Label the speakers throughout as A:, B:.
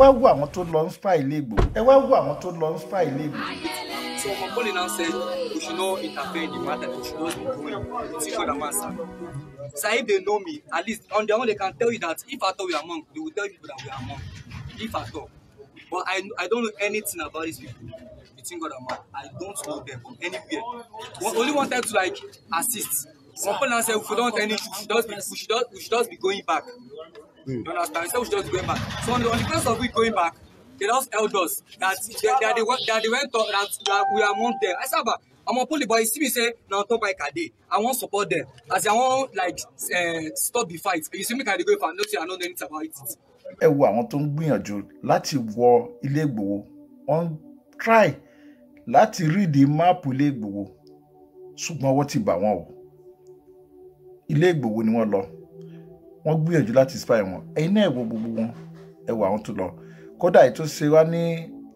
A: wá wo àwọn tó lọ ń spa ilé Ìgbò ẹ wá wo àwọn tó lọ ń spa ilé Ìgbò. So Macaulay now said we should not interfere in the matter that should not be doing. the master. So if they know me, at least on their own they can tell you that if at all we are monk, they will tell you that we are monk. If at all. But I I don't know anything about these people. Between God and man, I don't know them from anywhere. One, only one time to like assist. Macaulay now said if we don't any, we should just be, we should just, we should just be going back. Mm. You understand? Instead, we should just going back. So on the, on the place of we going back, they just held us that they, that they, that they went to, that, that we are among them. I said, but I'm a police, but you see me say, now talk by Kade. I want support them. I say I want, like, uh, stop the fight. You see me kind of go for I'm not saying I know anything about it. Ẹ wo àwọn tó ń gbìyànjú láti wọ ilé Ìgbòho wọ́n ń try láti rídìí máàpù ilé Ìgbòho ṣùgbọ́n ọwọ́ ti bà wọ́n o ilé Ìgbòho ni wọ́n lọ wọ́n gbìyànjú láti spy wọn ẹ̀yin náà wo gbogbo wọn ẹ wo àwọn tó lọ kódà ètò ṣe wá ní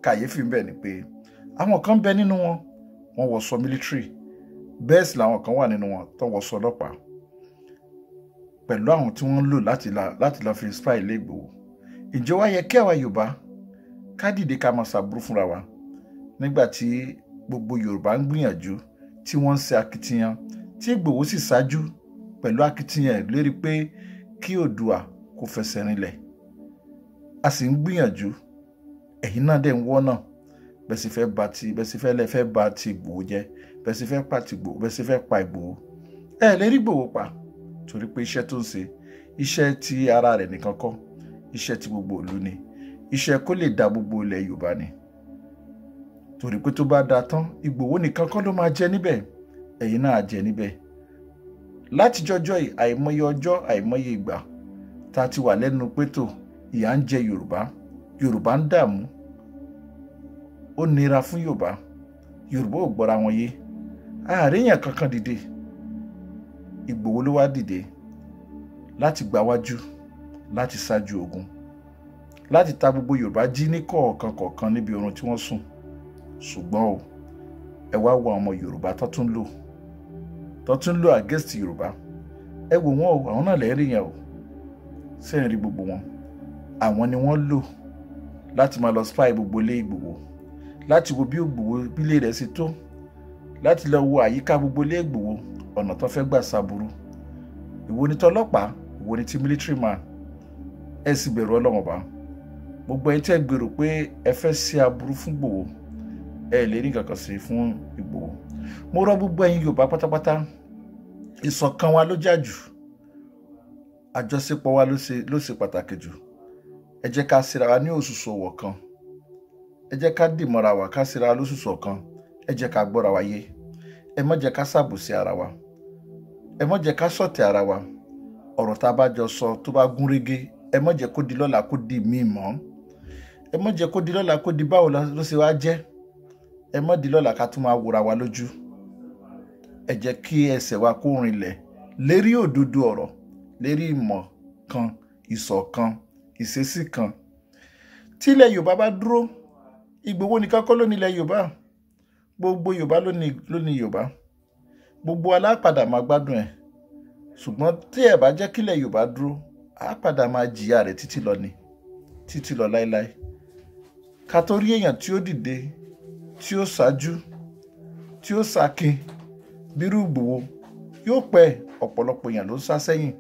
A: kàyéfì ń bẹ̀ ni pé àwọn kan bẹ nínú wọn wọ́n wọṣọ military bẹ́ẹ̀ sì làwọn kan wà nínú wọn tó wọṣọ ọlọ́pàá pẹ̀lú àwọn tí wọ́n ń lò láti lọ fi spy ilé ìjọ wa yẹ kí àwa Yorùbá ká dìde ká máa ṣàbúrú fúnra wa nígbà tí gbogbo Yorùbá ń gbìyànjú tí wọ́n ń ṣe akitiyan tí Ìgbòho sì ṣáájú pẹ̀lú akitiyan lérí pé kí Oòduà kó fẹsẹ̀ rinlẹ̀ a sì ń gbìyànjú ẹ̀yin náà dẹ̀ ń wọ́ náà bẹ́ẹ̀ sì fẹ́ ba ti bẹ́ẹ̀ sì fẹ́ lẹ́ fẹ́ ba ti Ìgbòho jẹ́ bẹ́ẹ̀ sì fẹ́ pa ti Ìgbòho bẹ́ẹ̀ sì fẹ́ pa Ìgbòho ẹ lè rí Ìgbòho pa torí pé iṣẹ́ tó ń ṣe iṣẹ́ ti ara rẹ̀ nìkan kọ́ iṣẹ́ ti gbogbo ìlú ni iṣẹ́ kó lè da gbogbo ilẹ̀ Yorùbá ni torí pé tó bá da tán Ìgbòho nìkan kọ́ ló máa jẹ níbẹ̀ ẹ̀yin náà á jẹ níbẹ̀ láti jọjọ́ yìí àìmọye ọjọ́ àìmọye ìgbà tá a ti wà lẹ́nu pétò ìyà ń jẹ yorùbá yorùbá ń dààmú ó nira fún yorùbá yorùbá ò gbọ́ra wọn yé àríyàn kankan dìde ìgbòho ló wá dìde láti gbáwájú láti ṣáájú ogun láti ta gbogbo yorùbá jí ní kọ̀ọ̀kan kọ̀ọ̀kan níbi oorun tí wọ́n sùn ṣùgbọ́n o ẹ wá wo ọmọ yorùbá tó tún lò tó tún lò against yorùbá ẹ wò wọ́n o àwọn náà lẹ́rìí yẹn o sẹ́yìn rí gbogbo wọn àwọn ni wọ́n lò láti máa lọ spy gbogbo ilé Ìgbòho láti wo bí Ìgbòho bílé rẹ̀ ṣe tó láti lọ wo àyíká gbogbo ilé Ìgbòho ọ̀nà tó fẹ́ gbà sábúrú ìwo ni tọlọ́pàá ìwo ni ti military man ẹ sì bẹ̀rù Ọlọ́run ọba gbogbo ẹni tẹ́ gbèrò pé ẹ fẹ́ ṣe aburú fún Ìgbòho ẹ lè ní kankan sí fún Ìgbòho mo rọ gbogbo ẹ̀yin yorùbá pátápátá ìṣọ̀kan wa ló jà jù àjọṣepọ̀ wa ló ṣe pàtàkì jù ẹ jẹ́ ká síra wa ní òṣùṣù ọ̀wọ̀ kan ẹ jẹ́ ká dìmọ̀ra wa ká síra wa lóṣùṣù ọ̀kan ẹ jẹ́ ká gbọ́ra wa yé ẹ má jẹ́ ká ṣàbòsí ara wa ẹ má jẹ́ ká ṣọ̀tẹ̀ ara wa ọ̀rọ̀ tá a bá jọ sọ tó bá gún régé ẹ má jẹ́ kó di lọ́la kó di míì mọ́ ẹ má jẹ́ kó di lọ́la kó di báwo ló ṣe wá jẹ́ ẹ má di lọ́la ká tún máa wòra wa lójú ẹ jẹ́ kí ẹsẹ̀ wa kó rinlẹ̀ lérí òdodo ọ̀rọ̀ lérí ìmọ̀ kan ìṣọ̀kan ìṣesí kan tí ilẹ̀ yorùbá bá dúró ìgbòho nìkan kọ́ ló ní ilẹ̀ yorùbá gbogbo yorùbá ló ní yorùbá gbogbo alápàdà máa gbádùn ẹ̀ ṣùgbọ́n tí ẹ bá jẹ́ kílẹ̀ yorùbá dúró á máa jìyà rẹ̀ títí lọ ni títí lọ láéláé ká tó èèyàn tí ó dìde tí ó ṣáájú tí ó ṣàkè bírú Ìgbòho yóò pẹ́ ọ̀pọ̀lọpọ̀ èèyàn ló ń sá sẹ́yìn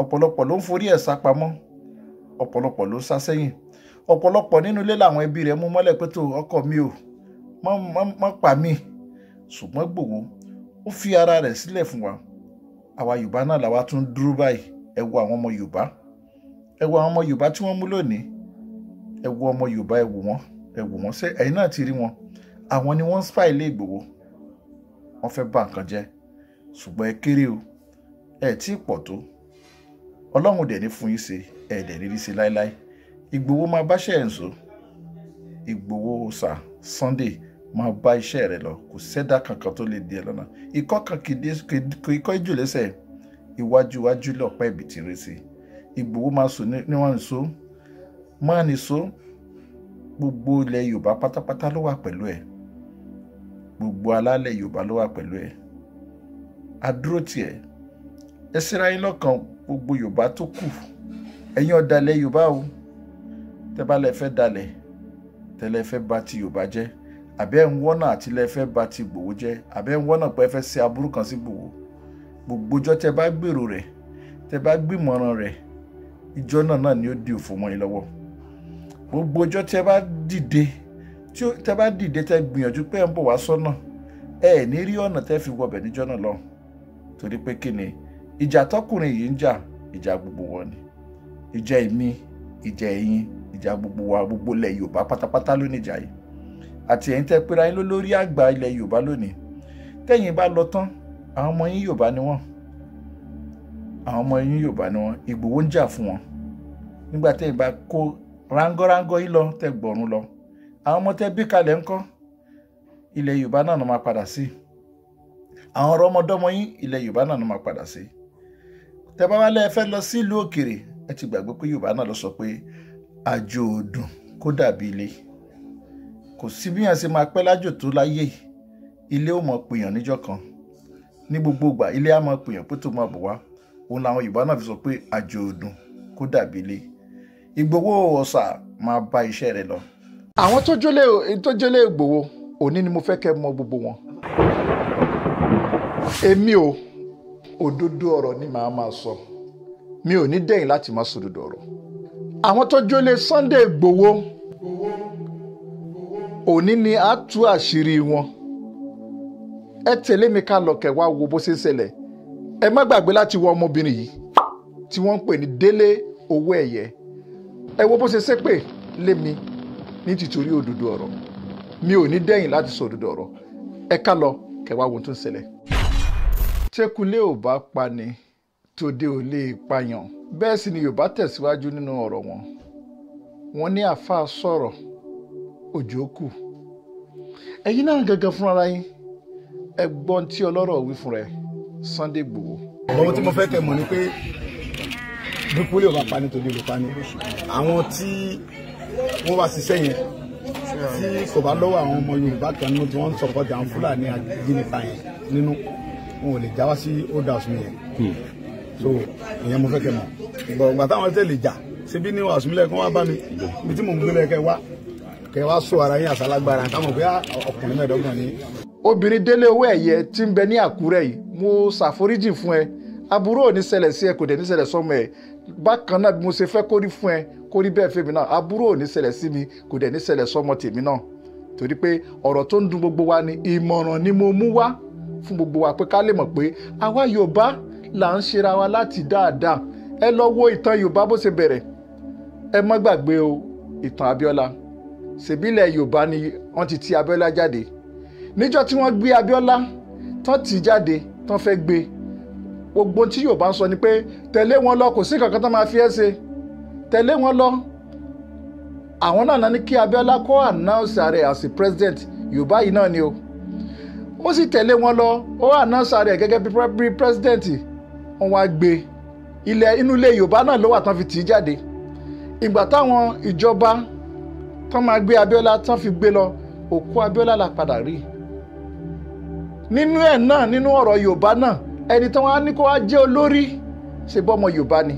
A: ọ̀pọ̀lọpọ̀ ló ń forí ẹ̀ sá pamọ́ ọ̀pọ̀lọpọ̀ ló ń sá sẹ́yìn ọ̀pọ̀lọpọ̀ nínú ilé làwọn ẹbí rẹ̀ mú mọ́lẹ̀ pé tó ọkọ mi ò mọ́ pa mí ṣùgbọ́n Ìgbòho ó fi ara rẹ̀ sílẹ̀ fún wa àwa Yorùbá náà làwa tún dúró báyìí ẹ wo àwọn ọmọ Yorùbá ẹ wo àwọn ọmọ Yorùbá tí wọ́n mú lónìí ẹ wo ọmọ Yorùbá ẹ wò wọ́n ẹ wò wọ́n ṣe ẹ̀yin náà ti rí wọn àwọn ni wọ́n ń spy ilé Ìgbòho wọ́n fẹ́ bà nǹkan jẹ́ ṣùgbọ́n ẹ kéré o ẹ tí ì pọ̀ tó ọlọ́run dẹ̀ ní fún yín ṣe ẹ dẹ̀ ní rí ṣe láéláé Ìgbòho máa bá ṣe ẹ̀ ń Ìgbòho sà Sunday máa bá iṣẹ́ rẹ lọ kò sẹ́dá kankan tó lè di ẹ lọ́nà ikọ́ kan kì í kọ́ ìjù lẹ́sẹ̀ iwájú iwájú lọ́pẹ́ ìbìtì rẹ̀ sí Ìgbòho máa sùn níwọ̀n nìṣó máa nìṣó gbogbo ilẹ̀ yorùbá pátápátá ló wà pẹ̀lú ẹ̀ gbogbo alálẹ̀ yorùbá ló wà pẹ̀lú ẹ̀ adúró tiẹ̀ ẹ síra yín lọ́kàn gbogbo yorùbá tó kù ẹ̀yin ọ̀dàlẹ̀ yorùbá o tẹ́bálẹ̀ fẹ́ dalẹ̀ tẹ́lẹ̀ fẹ́ bà ti yorùbá jẹ́ àbẹ́ ń wọ́nà àtìlẹ̀ fẹ́ bà ti gbòwó jẹ́ àbẹ́ ń pé fẹ́ ṣe aburú kan sí gbòwó gbogbo ọjọ́ tẹ́ bá gbèrò rẹ̀ tẹ́ bá gbìmọ̀ràn rẹ̀ ìjọ náà náà ni ó di òfò mọ́ yín lọ́wọ́ gbogbo ọjọ́ tí ẹ bá dìde tí ẹ bá dìde tẹ gbìyànjú pé ẹ ń bọ̀ wá sọ́nà ẹ ní rí ọ̀nà tẹ fi wọbẹ̀ níjọ́ náà lọ torí pé kí ni ìjà tọkùnrin yìí ń jà ìjà gbogbo wọn ni ìjà èmi ìjà ẹ̀yin ìjà gbogbo wa gbogbo ilẹ̀ Yorùbá pátápátá ló níjà yìí àti ẹ̀yin tẹ pera yín lólórí àgbà ilẹ̀ Yorùbá lónìí tẹ̀yin bá lọ tán àwọn ọmọ yín Yorùbá ni wọ́n àwọn ọmọ yín Yorùbá ni wọ́n Ìgbòho ń jà fún wọn nígbà tẹ̀yin bá kó rángọ́rángọ́ yìí lọ tẹ gbọ̀run lọ àwọn ọmọ tẹ bí kalẹ̀ ńkọ́ ilẹ̀ yorùbá náà ló máa padà sí àwọn ọ̀rọ̀ ọmọdọ́mọ yín ilẹ̀ yorùbá náà ló máa padà sí tẹ bá wá lẹ́ẹ̀ fẹ́ lọ sílùú òkèrè ẹ ti gbàgbé pé yorùbá náà ló sọ pé àjò òdùn kó dàbí ilé kò sí bí yàn ṣe máa pẹ́ lájò tó láyé ilé ò mọ̀ pèèyàn níjọ́ kan ní gbogbo ìgbà ilé á mọ̀ pèèyàn pé tó máa bọ̀ wá òun làwọn yorùbá náà fi sọ pé àjò òdùn kó dàbí ilé Ìgbòho ọ̀sà máa bá iṣẹ́ rẹ̀ lọ. àwọn tó jólè tó jólè Ìgbòho òní ni mo fẹ́ kẹ́ mọ gbogbo wọn. èmi o òdodo ọ̀rọ̀ ni màá máa sọ mi ò ní dẹ̀yìn láti má sòdodo ọ̀rọ̀. àwọn tó jólè Sunday Ìgbòho òní ni a tú àṣírí wọn ẹ tẹ̀lé mi ká lọ kẹ̀ wá wo bó ṣe ń ṣẹlẹ̀ ẹ má gbàgbé láti wọ ọmọbìnrin yìí tí wọ́n ń pè ní Délé owó ẹ̀yẹ ẹ wo bó ṣe ṣépè lé mi ní tìtorí òdodo ọ̀rọ̀ mi ò ní dẹ́yìn láti sọ òdodo ọ̀rọ̀ ẹ ká lọ kẹwàá wo tó ń ṣẹlẹ̀. tẹkulé ò bá pani tòde ò lè payàn bẹ́ẹ̀ sì ni yorùbá tẹ̀síwájú nínú ọ̀rọ̀ wọn wọ́n ní àáfàá sọ̀rọ̀ òjò kù ẹ̀yin náà gangan fúnra yín ẹ gbọ́n tí ọlọ́rọ̀ wí fúnra ẹ̀ Sunday Igboho. ọ̀rọ̀ tí mo fẹ́ kẹ́ mọ̀ ni pé bí pólì ò bá pa nítorí olùpa ni àwọn tí wọ́n bá ṣiṣẹ́ yẹn tí kò bá lọ́wọ́ àwọn ọmọ Yorùbá kan nínú tí wọ́n ń sọ̀kọ́jà àwọn Fúlàní ajínigbà yẹn nínú wọn ò lè já wá sí old house mi yẹn hmm. so ìyẹn mo fẹ́ kẹ́ mọ̀ gbọ̀ngbà táwọn tẹ̀ lè jà síbí ní house mi lẹ́ẹ̀kan wá bá mi ibi tí mò ń gbé lẹ́ẹ̀kẹ́ wá kẹ́ wá sọ ara yín àsálágbára táwọn pé ah, ọkùnrin mẹ́ẹ̀ẹ́dọ́gbọ̀n ni. obìnrin délé owó ẹ̀yẹ tí ń bẹ ní Àkúrẹ́ yìí mo ṣàforíjì fún ẹ aburú ò ní ṣẹlẹ̀ sí ẹ kò dẹ̀ ní ṣẹlẹ̀ sọ́mọ ẹ bákan náà bí mo ṣe fẹ́ kó rí fún ẹ kó rí bẹ́ẹ̀ fèmi náà aburú ò ní ṣẹlẹ̀ sí mi kò dẹ̀ ní ṣẹlẹ̀ sọ́mọ tèmi náà torí pé ọ̀rọ̀ tó ń dùn gbogbo wa ni ìmọ̀ràn ni mo mú wá fún gbogbo wa pé ká lè mọ̀ pé àwa Yorùbá là ń ṣera wa láti dáadáa ẹ lọ wo ìtàn Yorùbá bó ṣe bẹ̀rẹ̀ ẹ má gbàgbé o ìtàn Abíọ́lá ṣèbílẹ̀ Yorùbá ni wọ́n ti ti Abíọ́lá jáde níjọ́ tí wọ́n gbé Abíọ́lá tán ti jáde tán fẹ́ gbé e gbogbo tí Yorùbá ń sọ ni pé tẹ̀lé wọn lọ kò sí kankan tó máa fi ẹ́ ṣe tẹ̀lé wọn lọ àwọn náà ní kí Abíọ́lá kó announce ààrẹ as a president Yorùbá yìí náà ni o ó sì tẹ̀lé wọn lọ ó announce ààrẹ gẹ́gẹ́ bí president wọn wá gbé ilẹ̀ inú ilé Yorùbá náà ló wà tán fi tì í jáde ìgbà táwọn ìjọba tán máa gbé Abíọ́lá tán fi gbé lọ òkú Abíọ́lá la padà rí nínú ẹ̀ náà nínú ọ̀rọ̀ Yorùbá náà ẹni tí wọ́n á ní kó wá jẹ́ olórí ṣe bọ́ ọmọ yorùbá ni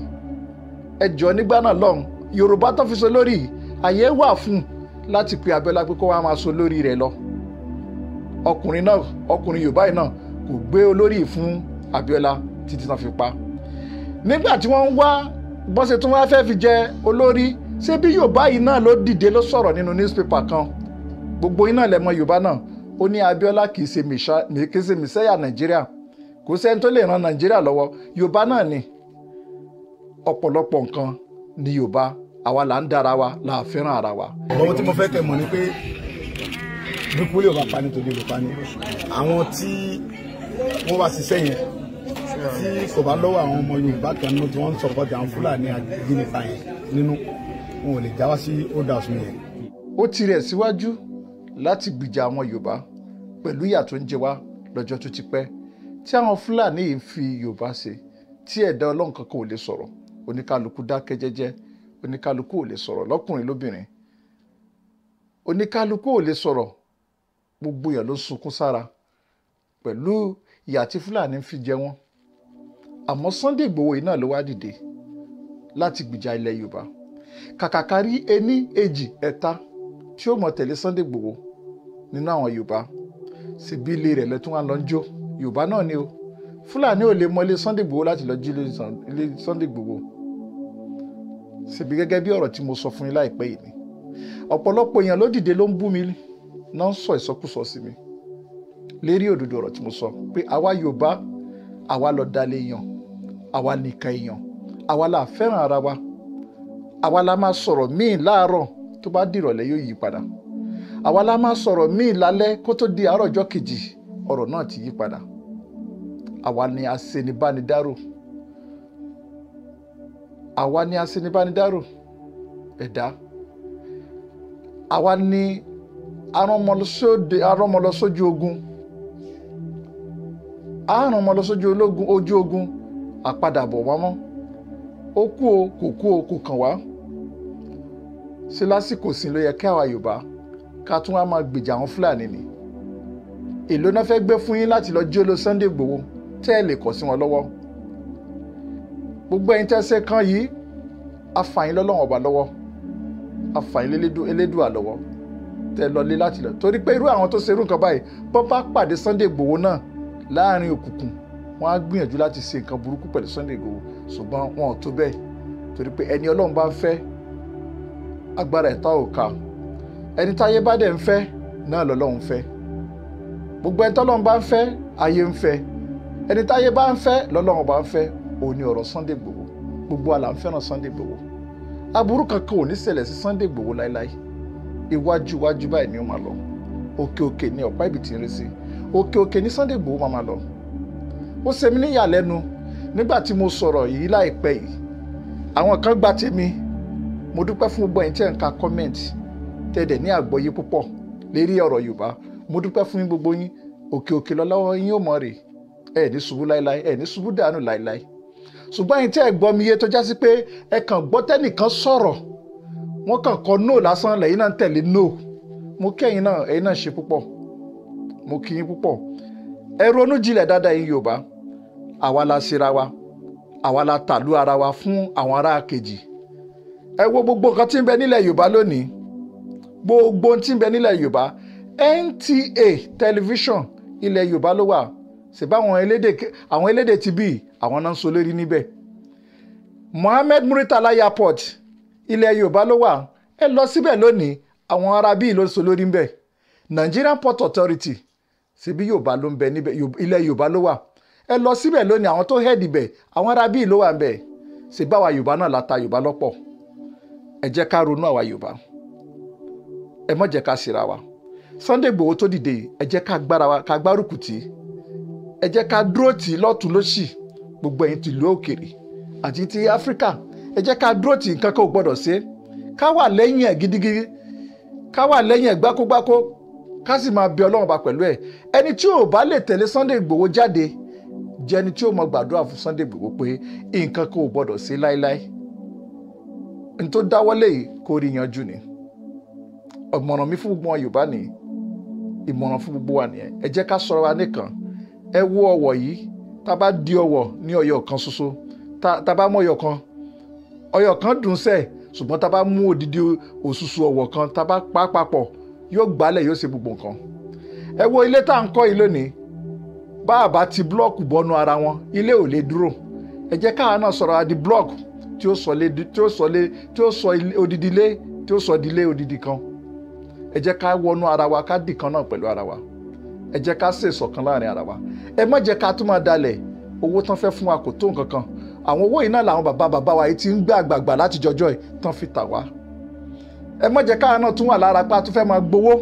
A: ẹ jọ nígbà náà lọ́hùn yorùbá tó fi so lórí àyè wà fún un láti pe abẹ́lá pé kó wá máa so lórí rẹ̀ lọ ọkùnrin náà ọkùnrin yorùbá yìí náà kò gbé olórí fún abíọ́lá títí tán fi pa nígbà tí wọ́n ń wá bọ́sẹ̀ tí wọ́n fẹ́ fi jẹ olórí ṣé bí yorùbá yìí náà ló dìde ló sọ̀rọ̀ nínú newspaper kan gbogbo yín náà lẹ yorùbá náà ó ní abíọ́lá kì í ṣe mìṣẹ́yà nàìjíríà kò sẹ́ni tó lè ran nàìjíríà lọ́wọ́ yorùbá náà ni ọ̀pọ̀lọpọ̀ nǹkan ni yorùbá àwa là ń dára wa là á fẹ́ràn ara wa. ohun tí mo fẹ́ tẹ̀ mọ́ ni pé dúkú yóò bá pani tòde ló ni àwọn tí wọ́n wá ṣiṣẹ́ yẹn tí kò bá lọ́wọ́ àwọn ọmọ yorùbá kan náà tí wọ́n ń sọ̀rọ̀ bọ́jà àwọn fúlàní àgbẹ̀gbẹ̀nipa yẹn nínú wọn ò lè já wá sí ọ̀dà ọ̀sùn yẹn. ó ti rẹ̀ síwájú láti gbìjà àwọn yorùbá pẹ̀lú ìyà tó ń jẹ wá lọ́jọ́ tó ti pẹ́ tí àwọn fúlàní yìí ń fi yorùbá ṣe tí ẹ̀dá ọlọ́run kankan ò lè sọ̀rọ̀ oníkálukú dákẹ́ jẹ́jẹ́ oníkálukú ò lè sọ̀rọ̀ lọ́kùnrin lóbìnrin oníkálukú ò lè sọ̀rọ̀ gbogbo èèyàn ló sunkún sára pẹ̀lú ìyà tí fúlàní ń fi jẹ wọ́n àmọ́ Sunday Igboho yìí náà ló wá dìde láti gbìjà ilẹ̀ yorùbá kàkàkárí ení èjì ẹ̀ta tí ó mọ̀ tẹ̀lé Sunday Igboho nínú àwọn yorùbá síbi ilé rẹ̀ lẹ́tún wá lọ́njọ́ yorùbá náà ni o fúlàní ò lè mọ ilé Sunday Igboho láti lọ jí ilé Sunday Igboho ṣèbí gẹ́gẹ́ bí ọ̀rọ̀ tí mo sọ fún yín láìpẹ́ yìí ni ọ̀pọ̀lọpọ̀ èèyàn ló dìde ló ń bú mi náà ń sọ ìsọkúsọ sí mi lérí òdodo ọ̀rọ̀ tí mo sọ pé àwa yorùbá àwa lọ dalẹ̀ èèyàn àwa nìkan èèyàn àwa la fẹ́ràn ara wa àwa la máa sọ̀rọ̀ míì láàárọ̀ tó bá dìrọ̀lẹ́ yóò yí padà àwa la máa sọ̀rọ̀ míì lálẹ́ kó tó di àárọ̀ ọjọ́ kejì ọ̀rọ̀ náà ti yí padà àwa ni aṣenibánidárò àwa ni aṣenibánidárò ẹ̀dá àwa ni aránmọlọsójú ogun aránmọlọsójú ológun ojú ogun àpadàbọ̀ wámọ́ ó kú o kò kú o kò kàn wá ṣe lásìkò sí ló yẹ kí àwa Yorùbá ká tún wá máa gbèjà àwọn Fúlàní ni èló náà fẹ́ gbé fún yín láti lọ jí ó Sunday Igboho tẹ́ ẹ lè kọ̀ sí wọn lọ́wọ́ gbogbo ẹ̀yin tẹ́sẹ̀ kan yìí afàyín lọ́lọ́wọ́n ọba lọ́wọ́ afàyín elédùà lọ́wọ́ tẹ́ ẹ lọlé láti lọ torí pé irú àwọn tó ṣe irú nǹkan báyìí bọ́ bá pàdé Sunday Igboho náà láàrin òkùnkùn wọ́n á gbìyànjú láti ṣe nǹkan burúkú pẹ̀lú Sunday Igboho ṣùgbọ́n wọn ò tó bẹ́ẹ̀ torí pé ẹni Ọlọ́run bá ń fẹ́ agbára ẹ̀ta ò ká ẹni táyé bá dẹ̀ ń fẹ́ náà lọ́lọ́run fẹ́ gbogbo ẹni tọ́lọ́run bá ń fẹ́ ayé ń fẹ́ ẹni táyé bá ń fẹ́ lọ́lọ́run bá ń fẹ́ òun ni ọ̀rọ̀ Sunday Igboho gbogbo àlà ń fẹ́ràn Sunday Igboho aburú kankan ò ní ṣẹlẹ̀ sí Sunday Igboho láéláé iwájú iwájú báyìí ni ó máa lọ òkè òkè ni ọ̀pá ìbìtì ń rí sí òkè òkè ni Sunday Igboho máa máa lọ ó ṣe mí níyàlẹ́nu nígbà tí mo sọ̀rọ̀ yìí láìpẹ́ yìí àwọn kan gba tèmi mo dúpẹ́ fún gbogbo ẹ̀yin tẹ́ ń ka comment tẹ́dẹ̀ ní àgbọ́yé púpọ̀ lérí ọ̀rọ̀ Yorùbá mo dúpẹ́ fún gbogbo yín òkè òkè lọ́lọ́wọ́ yín ó mọ̀ rèé ẹ ní ṣubú láíláí ẹ ní ṣubú dànù láíláí ṣùgbọ́n ẹ̀yin tí ẹ gbọ́ mi yé tó já sí pé ẹ kàn gbọ́ tẹ́nìkan sọ̀rọ̀ wọ́n kàn kọ no lásán lẹ́yìn náà ń tẹ̀lé no mo kí ẹ̀yin náà ẹ̀yin náà ṣe púpọ̀ mo kí yín púpọ̀ ẹ ronú jinlẹ̀ dáadáa yín Yorùbá àwa la ṣera wa àwa la tàlú ara wa fún àwọn ará kejì ẹ wo gbogbo nǹkan tí ń bẹ nílẹ̀ Yorùbá lónìí gbogbo tí ń bẹ nílẹ̀ Yorùbá NTA Television ilẹ̀ Yorùbá ló wà ṣèbá àwọn elédè àwọn elédè ti bí àwọn náà ń so lérí níbẹ̀ Mohammed Muritala airport ilẹ̀ Yorùbá ló wà ẹ lọ síbẹ̀ lónìí àwọn ará bíi ló so lórí níbẹ̀ Nigerian Port Authority ṣebí Yorùbá ló ń bẹ níbẹ̀ ilẹ̀ Yorùbá ló wà ẹ lọ síbẹ̀ lónìí àwọn tó hẹ́ẹ̀dì bẹ̀ àwọn ará bíi ló wà ń bẹ̀ ṣèbá àwa Yorùbá náà la Yorùbá lọ́pọ̀ ẹ jẹ́ ká ronú àwa Yorùbá ẹ mọ̀ jẹ́ ká síra wa Sunday Igboho tó dìde ẹ jẹ́ ká gbárùkù tì ẹ jẹ́ ká dúró tì í lọ́tún lósì gbogbo ẹ̀yin tìlú òkèrè àti ti áfíríkà ẹ jẹ́ ká dúró tì í nǹkan kan ò gbọ́dọ̀ ṣe ká wà lẹ́yìn ẹ̀ gidigidi ká wà lẹ́yìn ẹ̀ gbákógbákó ká sì máa bẹ ọlọ́run bá pẹ̀lú ẹ̀ ẹni tí ò bá lè tẹ̀lé Sunday Igboho jáde jẹ́ ẹni tí ó mọ gbàdúrà fún Sunday Igboho pé nǹkan kan ò gbọ́dọ̀ ṣe láéláé n tó dáwọ́lé yìí kò rí yanjú ni ọ̀mọ̀ràn mi fún gbogbo wọn Yorùbá nìyí ìmọ̀ràn fún gbogbo wa nìyẹn ẹ jẹ́ ká sọ̀rọ̀ wa nìkan ẹ wo ọwọ̀ yìí tá a bá di ọwọ̀ ní ọyọ kan ṣoṣo tá a bá mú ọyọ kan ọyọ kan dùn sẹ́ẹ̀ ṣùgbọ́n tá a bá mú òdìdí òṣùṣù ọwọ̀ kan tá a bá pa papọ̀ yóò gbálẹ̀ yóò ṣe gbogbo nǹkan ẹ wo ilé tá à ń kọ́ yìí lónìí bá a bá ti blọ́ọ̀kù bọ́nu ara wọn ilé ò lè dúró ẹ jẹ́ káà náà sọ̀rọ̀ àdì blọ́ọ̀kù tí ó sọ lé tí ó sọ lé tí ó sọ odidi lé tí ó sọ di lé odidi kan ẹ jẹ́ ká wọnú ara wa ká dì kan náà pẹ̀lú ara wa ẹ jẹ́ ká ṣe ìṣọ̀kan láàrin ara wa ẹ má jẹ́ ká tún máa dalẹ̀ owó tán fẹ́ fún wa kò tó nǹkan kan àwọn owó yìí náà làwọn bàbá bàbá wa yìí ti ń gbé àgbààgbà láti jọjọ́ ẹ̀ tán fi tà wá ẹ má jẹ́ káwọn náà tún wà lára pa tún fẹ́ máa gbowó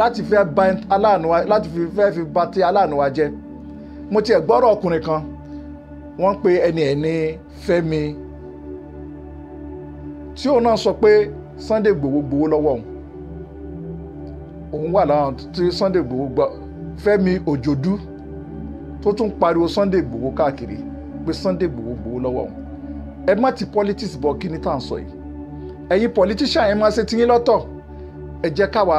A: láti fẹ́ ba aláàánú wa láti fi fẹ́ fi ba ti aláàánú wa jẹ́ mo tiẹ̀ gbọ́rọ̀ ọkùnrin kan wọ́n pe ẹni ẹ̀ ní Fẹ́mi tí òun náà sọ pé Sunday gbowó gbowó lọ́wọ́ òun òun wà láwọn tí Sunday gbowó Fẹ́mi Òjòdú tó tún pariwo Sunday Igboho káàkiri pé Sunday Igboho gbowó lọ́wọ́ òun ẹ má ti politics bọ kí tá à ń sọ yìí ẹ̀yin politician ẹ máa ṣe tiyín lọ́tọ̀ ẹ jẹ́ káwa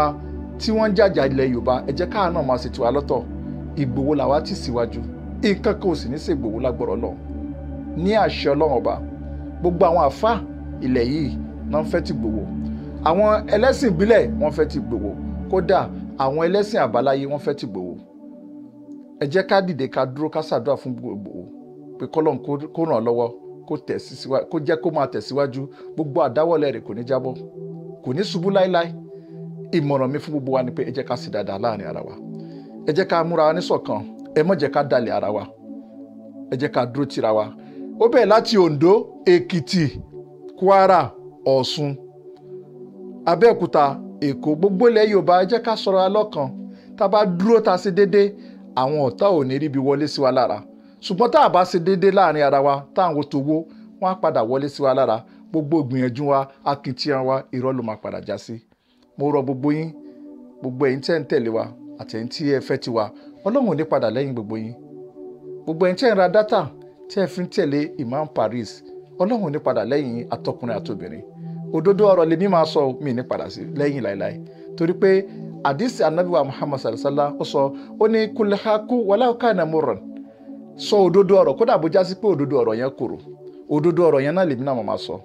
A: tí wọ́n ń jàjà ilẹ̀ Yorùbá ẹ jẹ́ káwa náà máa ṣe tiwa lọ́tọ̀ Ìgbòho làwa ti síwájú nǹkan kan ò sì ní ṣègbòho lágbọ̀rọ̀ lọ ní àṣẹ Ọlọ́run ọba gbogbo àwọn àfa ilẹ̀ yìí náà ń ti gbòho àwọn ẹlẹ́sìn ìbílẹ̀ wọ́n fẹ́ ti gbòho kódà àwọn ẹlẹ́sìn àbáláyé wọ́n fẹ́ tìgbòho ẹ jẹ́ ká dìde ká dúró ká ṣàdúrà fún gbogbo pé kọ́lọ́n kó ràn án lọ́wọ́ kó jẹ́ kó máa tẹ̀síwájú gbogbo àdáwọ́lẹ̀ rẹ̀ kò ní jábọ́ kò ní ṣubú láéláé ìmọ̀ràn mi fún gbogbo wa ni pé ẹ jẹ́ ká sì dáadáa láàrin ara wa ẹ jẹ́ ká múra wa ní ṣọ̀kan ẹ má jẹ́ ká dalẹ̀ ara wa ẹ jẹ́ ká dúró tira wa ó bẹ̀rẹ̀ láti Ondo Èkìtì Kwara Ọ̀ṣun Abẹ́òkúta èkó gbogbo ilẹ̀ yorùbá jẹ́ ká sọ̀rọ̀ alọ́kan tá a bá dúró tá a ṣe dédé àwọn ọ̀tá ò ní ríbi wọlé sí wa lára ṣùgbọ́n tá a bá ṣe dédé láàrin ara wa tá à ń wo towó wọ́n á padà wọlé sí wa lára gbogbo ìgbìyànjú wa akitiyan wa irọ́ ló máa padà já sí mo rọ gbogbo yín gbogbo ẹ̀yin tẹ́ ń tẹ̀lé wa àti ẹ̀yin tí ẹ fẹ́ tiwa ọlọ́run ò ní padà lẹ́yìn gbogbo yín gbogbo ẹ̀yin tẹ́ ń ra dátà tẹ́ ẹ fi ń tẹ̀lé Imam Paris ọlọ́run ò ní padà lẹ́yìn atọkùnrin àtobìnrin òdodo ọ̀rọ̀ lèmi máa sọ mi ní padà sí lẹ́yìn láéláé torí pé àdìsí anabiwa muhammad sallallahu ó sọ ó ní kulhaku wàláwùká náà mo ràn sọ òdodo ọ̀rọ̀ kódà bó jásí pé òdodo ọ̀rọ̀ yẹn kòrò òdodo ọ̀rọ̀ yẹn náà lèmi náà máa sọ